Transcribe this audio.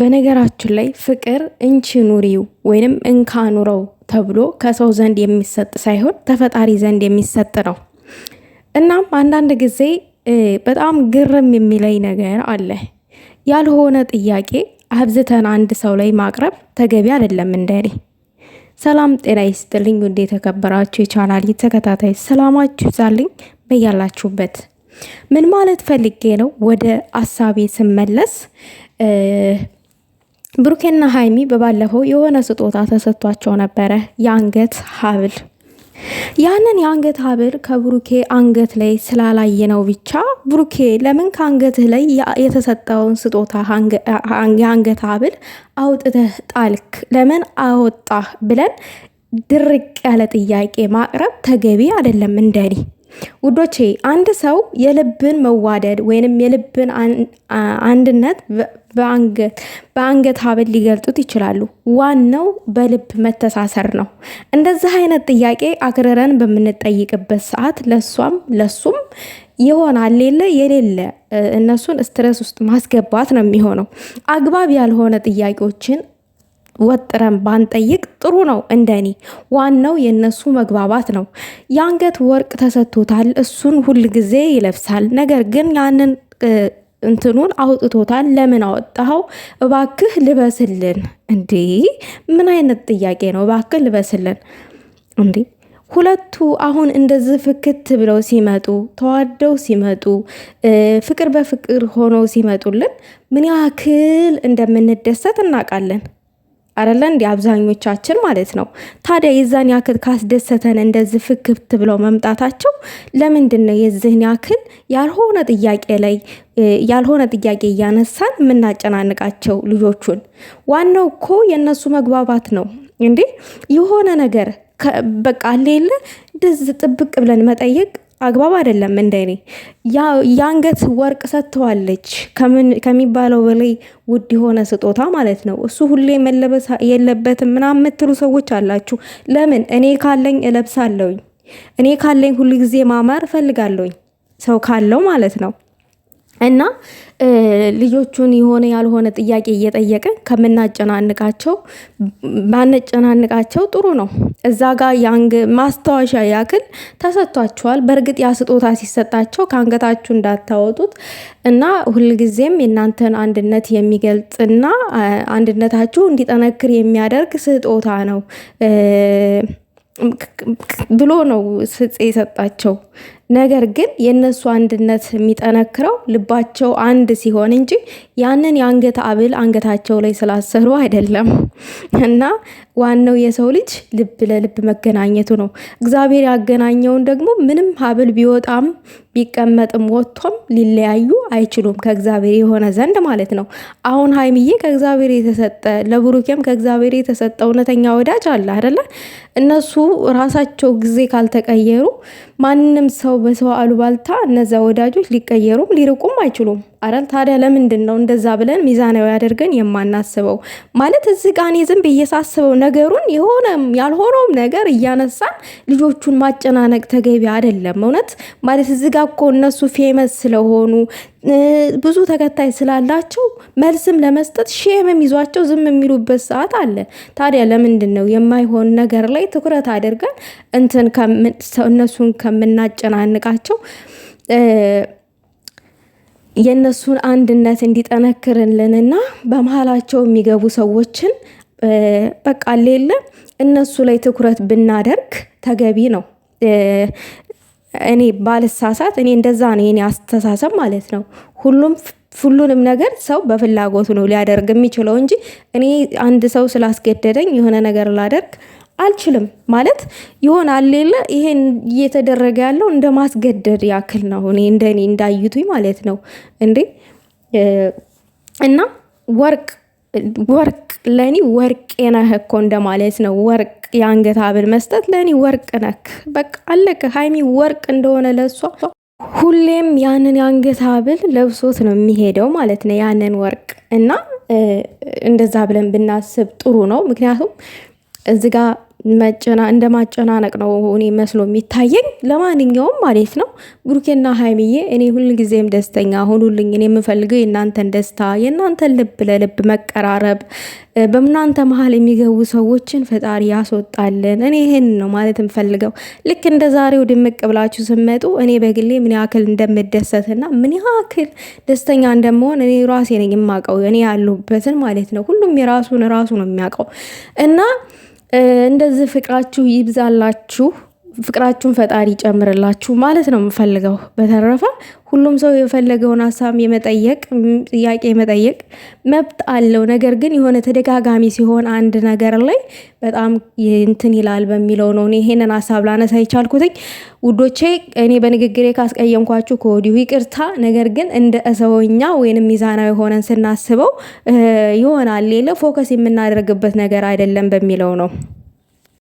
በነገራችን ላይ ፍቅር እንቺ ኑሪው ወይንም እንካ ኑረው ተብሎ ከሰው ዘንድ የሚሰጥ ሳይሆን ተፈጣሪ ዘንድ የሚሰጥ ነው። እናም አንዳንድ ጊዜ በጣም ግርም የሚለይ ነገር አለ። ያልሆነ ጥያቄ አብዝተን አንድ ሰው ላይ ማቅረብ ተገቢ አይደለም እንደኔ። ሰላም ጤና ይስጥልኝ ውድ የተከበራችሁ የቻናል ተከታታይ ሰላማችሁ ይዛልኝ በያላችሁበት። ምን ማለት ፈልጌ ነው ወደ አሳቤ ስመለስ ብሩኬና ሀይሚ በባለፈው የሆነ ስጦታ ተሰጥቷቸው ነበረ፣ የአንገት ሀብል። ያንን የአንገት ሀብል ከብሩኬ አንገት ላይ ስላላየ ነው ብቻ ብሩኬ ለምን ከአንገትህ ላይ የተሰጠውን ስጦታ የአንገት ሀብል አውጥተህ ጣልክ? ለምን አወጣህ? ብለን ድርቅ ያለ ጥያቄ ማቅረብ ተገቢ አይደለም እንደኔ ውዶቼ አንድ ሰው የልብን መዋደድ ወይንም የልብን አንድነት በአንገት ሀብል ሊገልጡት ይችላሉ። ዋናው በልብ መተሳሰር ነው። እንደዚህ አይነት ጥያቄ አክርረን በምንጠይቅበት ሰዓት ለሷም ለሱም የሆነ ሌለ የሌለ እነሱን ስትረስ ውስጥ ማስገባት ነው የሚሆነው። አግባብ ያልሆነ ጥያቄዎችን ወጥረን ባንጠይቅ ጥሩ ነው። እንደኔ ዋናው የነሱ መግባባት ነው። የአንገት ወርቅ ተሰጥቶታል፣ እሱን ሁል ጊዜ ይለብሳል። ነገር ግን ያንን እንትኑን አውጥቶታል። ለምን አወጣኸው? እባክህ ልበስልን። እንዴ ምን አይነት ጥያቄ ነው? እባክህ ልበስልን እንዴ ሁለቱ አሁን እንደዚህ ፍክት ብለው ሲመጡ ተዋደው ሲመጡ ፍቅር በፍቅር ሆነው ሲመጡልን ምን ያክል እንደምንደሰት እናውቃለን። አደለ እንዲ አብዛኞቻችን ማለት ነው። ታዲያ የዛን ያክል ካስደሰተን እንደዚህ ፍክብት ብለው መምጣታቸው ለምንድን ነው የዚህን ያክል ያልሆነ ጥያቄ ላይ ያልሆነ ጥያቄ እያነሳን የምናጨናንቃቸው ልጆቹን? ዋናው እኮ የእነሱ መግባባት ነው እንዴ የሆነ ነገር በቃ ሌለ ድዝ ጥብቅ ብለን መጠየቅ አግባብ አይደለም። እንደኔ የአንገት ወርቅ ሰጥተዋለች ከሚባለው በላይ ውድ የሆነ ስጦታ ማለት ነው። እሱ ሁሌ መለበስ የለበትም ምናምን የምትሉ ሰዎች አላችሁ። ለምን እኔ ካለኝ እለብሳለሁኝ። እኔ ካለኝ ሁሉ ጊዜ ማማር እፈልጋለሁኝ። ሰው ካለው ማለት ነው። እና ልጆቹን የሆነ ያልሆነ ጥያቄ እየጠየቀ ከምናጨናንቃቸው ባንጨናንቃቸው ጥሩ ነው። እዛ ጋ የአንግ ማስታወሻ ያክል ተሰጥቷቸዋል። በእርግጥ ያ ስጦታ ሲሰጣቸው ከአንገታችሁ እንዳታወጡት እና ሁልጊዜም የእናንተን አንድነት የሚገልጽና አንድነታችሁ እንዲጠነክር የሚያደርግ ስጦታ ነው ብሎ ነው ስጽ የሰጣቸው ነገር ግን የእነሱ አንድነት የሚጠነክረው ልባቸው አንድ ሲሆን እንጂ ያንን የአንገት አብል አንገታቸው ላይ ስላሰሩ አይደለም። እና ዋናው የሰው ልጅ ልብ ለልብ መገናኘቱ ነው። እግዚአብሔር ያገናኘውን ደግሞ ምንም ሀብል ቢወጣም ቢቀመጥም ወጥቶም ሊለያዩ አይችሉም፣ ከእግዚአብሔር የሆነ ዘንድ ማለት ነው። አሁን ሀይምዬ ከእግዚአብሔር የተሰጠ ለብሩኬም ከእግዚአብሔር የተሰጠ እውነተኛ ወዳጅ አለ አይደለ? እነሱ ራሳቸው ጊዜ ካልተቀየሩ ማንም ሰው በሰው አሉባልታ እነዛ ወዳጆች ሊቀየሩም ሊርቁም አይችሉም። አረል ታዲያ ለምንድን ነው እንደዛ ብለን ሚዛናዊ አድርገን የማናስበው? ማለት እዚህ ጋ እኔ ዝም ብዬ ሳስበው ነገሩን የሆነ ያልሆነውም ነገር እያነሳን ልጆቹን ማጨናነቅ ተገቢ አይደለም። እውነት ማለት እዚህ ጋ እኮ እነሱ ፌመስ ስለሆኑ ብዙ ተከታይ ስላላቸው መልስም ለመስጠት ሼምም ይዟቸው ዝም የሚሉበት ሰዓት አለ። ታዲያ ለምንድን ነው የማይሆን ነገር ላይ ትኩረት አድርገን እንትን እነሱን ከምናጨናንቃቸው የእነሱን አንድነት እንዲጠነክርልንና በመሀላቸው የሚገቡ ሰዎችን በቃ ሌለ እነሱ ላይ ትኩረት ብናደርግ ተገቢ ነው። እኔ ባልሳሳት እኔ እንደዛ ነው የኔ አስተሳሰብ ማለት ነው። ሁሉም ሁሉንም ነገር ሰው በፍላጎቱ ነው ሊያደርግ የሚችለው እንጂ እኔ አንድ ሰው ስላስገደደኝ የሆነ ነገር ላደርግ አልችልም ማለት ይሆን አሌለ ይሄን እየተደረገ ያለው እንደ ማስገደድ ያክል ነው። እኔ እንደኔ እንዳዩቱኝ ማለት ነው እንዴ እና ወርቅ ወርቅ ለእኔ ወርቅ ነህ እኮ እንደማለት ነው። ወርቅ የአንገት ሀብል መስጠት ለእኔ ወርቅ ነክ በቃ አለቀ። ሀይሚ ወርቅ እንደሆነ ለእሷ ሁሌም ያንን የአንገት ሀብል ለብሶት ነው የሚሄደው ማለት ነው ያንን ወርቅ እና እንደዛ ብለን ብናስብ ጥሩ ነው። ምክንያቱም እዚ እንደ ማጨናነቅ ነው እኔ መስሎ የሚታየኝ። ለማንኛውም ማለት ነው ብሩኬና ሀይሚዬ እኔ ጊዜም ደስተኛ ሆኑልኝ። እኔ የምፈልገው የእናንተን ደስታ፣ የእናንተን ልብ ለልብ መቀራረብ፣ በእናንተ መሀል የሚገቡ ሰዎችን ፈጣሪ ያስወጣልን። እኔ ይህን ነው ማለት የምፈልገው። ልክ እንደ ዛሬው ድምቅ ብላችሁ ስመጡ እኔ በግሌ ምን ያክል እንደምደሰትና ምን ያክል ደስተኛ እንደመሆን እኔ ራሴ ነኝ የማውቀው። እኔ ያለሁበትን ማለት ነው ሁሉም የራሱን ራሱ ነው የሚያውቀው እና እንደዚህ ፍቅራችሁ ይብዛላችሁ፣ ፍቅራችሁን ፈጣሪ ይጨምርላችሁ ማለት ነው የምፈልገው። በተረፈ ሁሉም ሰው የፈለገውን ሀሳብ የመጠየቅ ጥያቄ የመጠየቅ መብት አለው። ነገር ግን የሆነ ተደጋጋሚ ሲሆን አንድ ነገር ላይ በጣም እንትን ይላል በሚለው ነው ይሄንን ሀሳብ ላነሳ ይቻልኩትኝ። ውዶቼ እኔ በንግግሬ ካስቀየምኳችሁ ከወዲሁ ይቅርታ። ነገር ግን እንደ ሰውኛ ወይንም ሚዛናዊ ሆነን ስናስበው ይሆናል ሌለ ፎከስ የምናደርግበት ነገር አይደለም በሚለው ነው።